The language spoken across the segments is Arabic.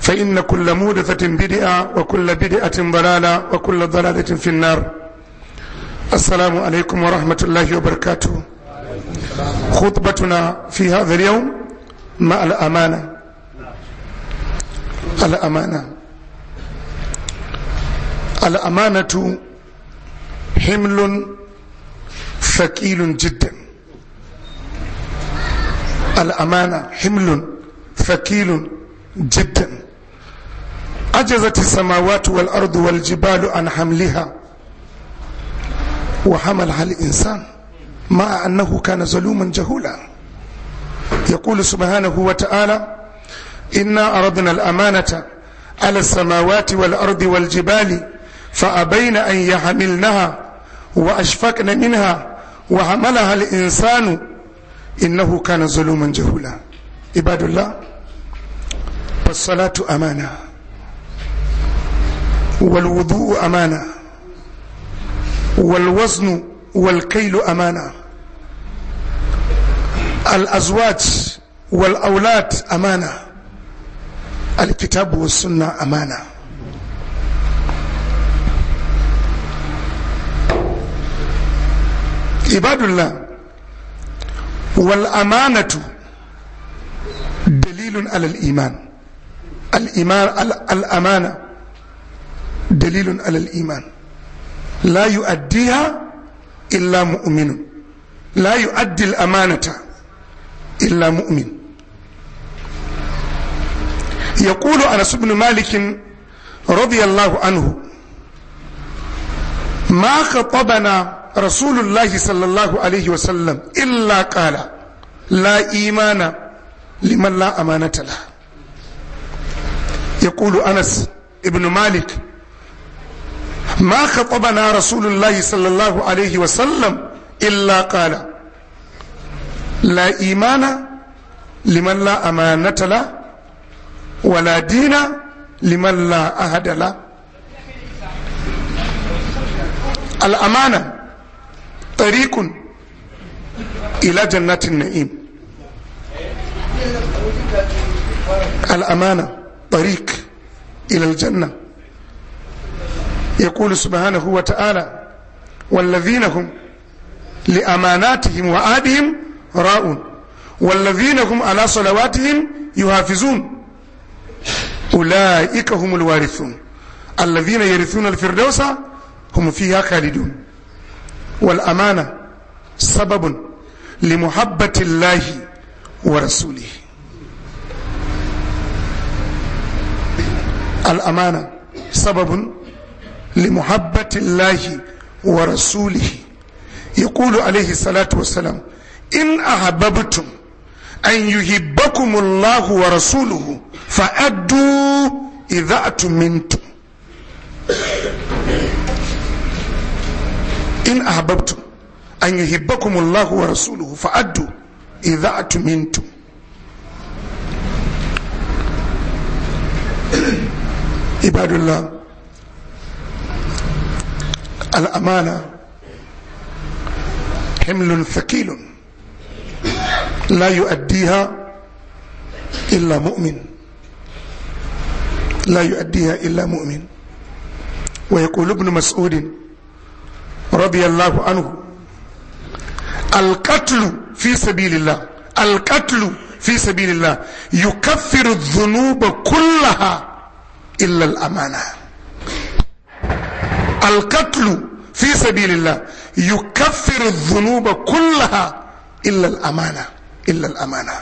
فإن كل مودثة بدعة وكل بدعة ضلالة وكل ضلالة في النار السلام عليكم ورحمة الله وبركاته خطبتنا في هذا اليوم مع الأمانة الأمانة الأمانة حمل ثقيل جدا الأمانة حمل ثقيل جدا عجزت السماوات والأرض والجبال عن حملها وحملها الإنسان مع أنه كان ظلوما جهولا يقول سبحانه وتعالى إنا أردنا الأمانة على السماوات والأرض والجبال فأبين أن يحملنها وأشفقن منها وحملها الإنسان إنه كان ظلوما جهولا عباد الله فالصلاة أمانة والوضوء أمانة والوزن والكيل أمانة الأزواج والأولاد أمانة الكتاب والسنة أمانة عباد الله والأمانة دليل على الإيمان الإيمان الأمانة dalilun alal iman la yu'addiha illa mu'minun la yu'addi al-amanata illa mu'min يقول أنس بن مالك رضي الله عنه ما خطبنا رسول الله صلى الله عليه وسلم إلا قال لا إيمان لمن لا أمانة له يقول أنس بن مالك ما خطبنا رسول الله صلى الله عليه وسلم إلا قال لا إيمان لمن لا أمانة له ولا دين لمن لا أهد له الأمانة طريق إلى جنات النعيم الأمانة طريق إلى الجنة يقول سبحانه وتعالى والذين هم لأماناتهم وآدهم راؤون والذين هم على صلواتهم يحافظون أولئك هم الوارثون الذين يرثون الفردوس هم فيها خالدون والأمانة سبب لمحبة الله ورسوله الأمانة سبب لمحبة الله ورسوله يقول عليه الصلاة والسلام إن أحببتم أن يحبكم الله ورسوله فأدوا إذا أتمنتم إن أحببتم أن يحبكم الله ورسوله فأدوا إذا أتمنتم عباد الله الأمانة حمل ثقيل لا يؤديها إلا مؤمن لا يؤديها إلا مؤمن ويقول ابن مسعود رضي الله عنه القتل في سبيل الله القتل في سبيل الله يكفر الذنوب كلها إلا الأمانة القتل في سبيل الله يكفر الذنوب كلها إلا الأمانة إلا الأمانة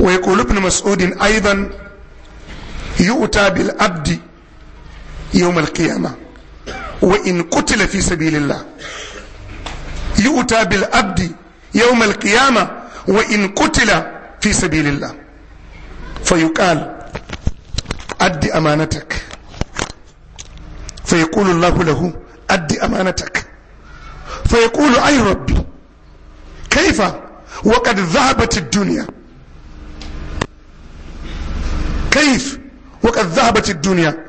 ويقول ابن مسعود أيضا يؤتى بالأبد يوم القيامة وإن قتل في سبيل الله يؤتى بالأبد يوم القيامة وإن قتل في سبيل الله فيقال أد أمانتك فيقول الله له أد أمانتك فيقول أي ربي كيف وقد ذهبت الدنيا كيف وقد ذهبت الدنيا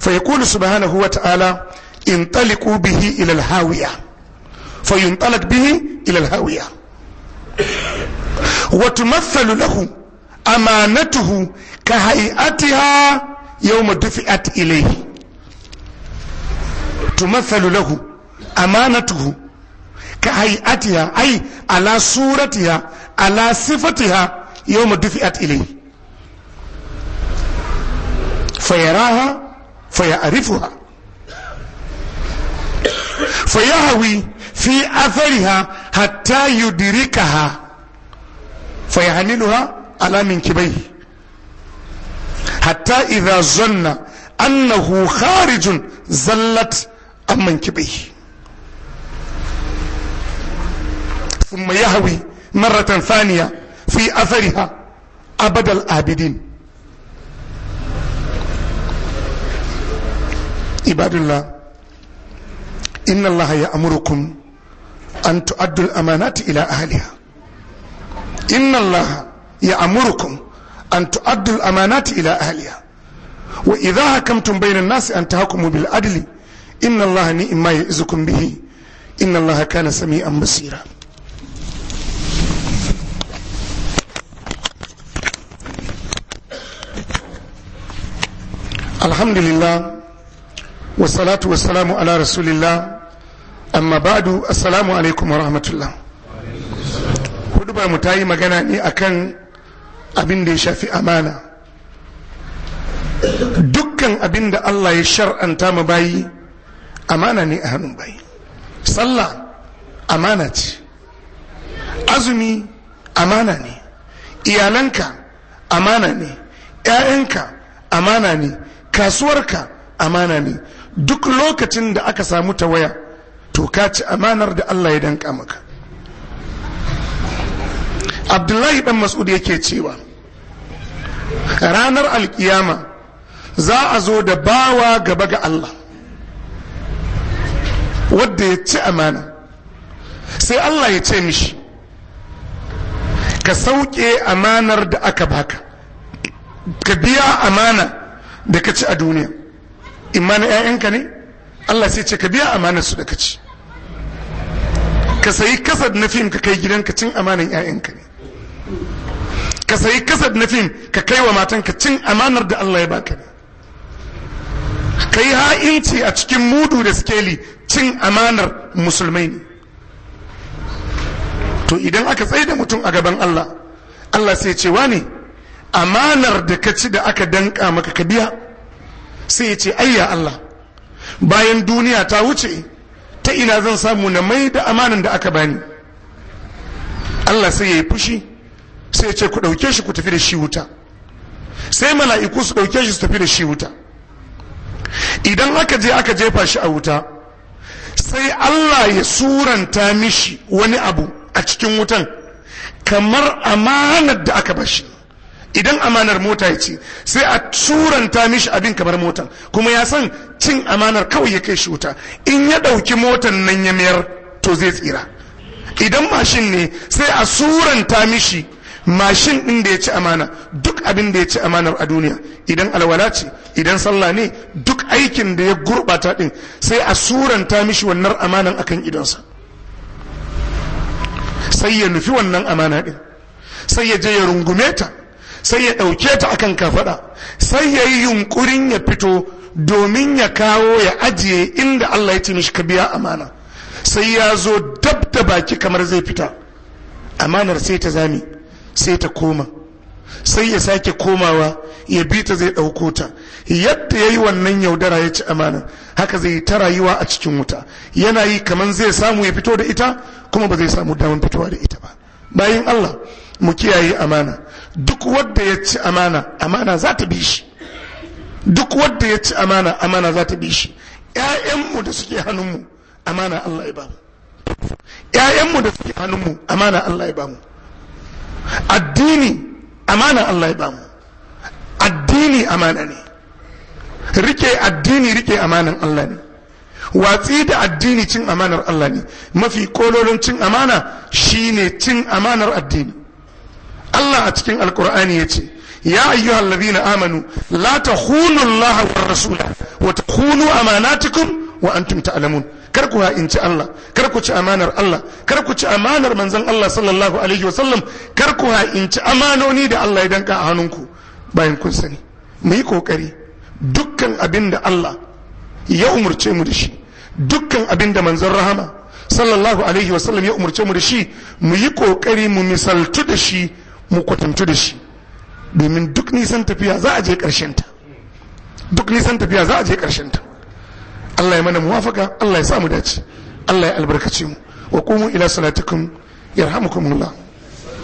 فيقول سبحانه وتعالى انطلقوا به إلى الهاوية فينطلق به إلى الهاوية وتمثل له amanatuhu ka hay'atiha yawma dufi'at ilayhi tumathalu lahu amanatuhu ka hay'atiha ay ala suratiha ala sifatiha yawma dufi'at ilayhi fayaraha fayarifuha فيهوي في أثرها حتى يدركها فيحللها على منكبيه حتى إذا ظن أنه خارج زلت عن منكبيه ثم يهوي مرة ثانية في أثرها أبد الآبدين عباد الله إن الله يأمركم أن تؤدوا الأمانات إلى أهلها إن الله يأمركم أن تؤدوا الأمانات إلى أهلها وإذا حكمتم بين الناس أن تحكموا بالعدل إن الله نئم ما يئزكم به إن الله كان سميعا بصيرا الحمد لله والصلاة والسلام على رسول الله أما بعد السلام عليكم ورحمة الله hudu ba mu أكن abin da ya shafi amana dukkan abin da Allah ya shar'anta mu bayi amana ne a hannun bayi sallah amana ce azumi amana ne iyalanka amana ne 'ya'yanka amana ne kasuwarka amana ne duk lokacin da aka samu ta waya to ka ci amanar da Allah ya danka maka abdullahi dan mas'ud yake cewa ranar alkiyama za a zo da bawa gaba ga Allah wadda ya ci amana sai Allah ya ce mishi ka sauke amanar da aka baka ka biya amana da ka ci a duniya imanin 'ya'yanka ne Allah sai ce ka biya amanar su da ka ci ka sayi kasar na fim ka kai gidanka cin amanan 'ya'yanka ka sayi kasad na fim ka kai wa matanka cin amanar da Allah ya baka ka yi ha'inci a cikin mudu da skeli cin amanar musulmai ne to idan aka tsaye da mutum a gaban Allah Allah sai ce ne amanar da ka ci da aka danka maka ka biya sai ya ce ayya Allah bayan duniya ta wuce ta ina zan samu na mai da amanan da aka bani Allah sai ya yi fushi sai ce ku ɗauke shi ku tafi da shi wuta sai mala'iku su ɗauke shi su tafi da shi wuta idan aka je aka jefa shi a wuta sai allah ya suranta mishi wani abu a cikin wutan kamar amanar da aka bashi idan amanar mota ya ce sai a suranta mishi abin kamar motan kuma ya san cin amanar kawai ya kai shi wuta in ya ɗauki motan nan ya mayar to zai tsira idan mashin ne sai a suranta mishi mashin ɗin da ya ci amana duk abin da ya ci amanar a duniya idan alwala ce idan sallah ne duk aikin da ya gurɓata ɗin sai a suranta mishi wannan amanan a kan idonsa sai ya nufi wannan amana ɗin sai ya je ya rungume ta sai ya ɗauke ta akan kafaɗa sai ya yi yunkurin ya fito domin ya kawo ya ajiye inda Allah ya ce mishi ka biya amana sai ya zo dab da baki kamar zai fita amanar sai ta zami sai ta koma sai ya sake komawa ya bi ta zai ɗauko ta yadda ya yi wannan yaudara ya ci amana haka zai ta rayuwa a cikin wuta yana yi kamar zai samu ya fito da ita kuma ba zai samu damar fitowa da ita ba bayan allah mu kiyaye amana duk wadda ya ci amana amana za ta bi shi duk wadda ya ci amana amana za ta bi shi ƴaƴanmu da suke hannunmu amana allah ya ba mu ƴaƴanmu da suke hannunmu amana allah ya ba mu addini amana Allah ya bamu addini amana ne rike addini rike amanan Allah ne watsi da addini cin amanar Allah ne mafi kololin cin amana shine cin amanar addini Allah a cikin alkur'ani ya ce ya ayyuhal ladina amanu la takhunu Allah wa rasula wa takhunu amanatikum wa antum ta'lamun ta kar ku ha'inci Allah kar ku ci amanar Allah kar ku ci amanar manzon Allah sallallahu alaihi sallam, kar ku ha'inci amanoni da Allah ya danka a hannunku bayan kun sani mu yi kokari dukkan abin da Allah ya umurce mu da shi dukkan abin da manzon rahama sallallahu alaihi sallam ya umurce mu da shi mu yi kokari mu misaltu da shi mu kwatantu da shi domin duk nisan tafiya za a je ƙarshen duk nisan tafiya za a je ƙarshen ta Allah ya mana muwafaka Allah ya samu dace Allah ya albarkace mu wa qumu ila salatikum yarhamukumullah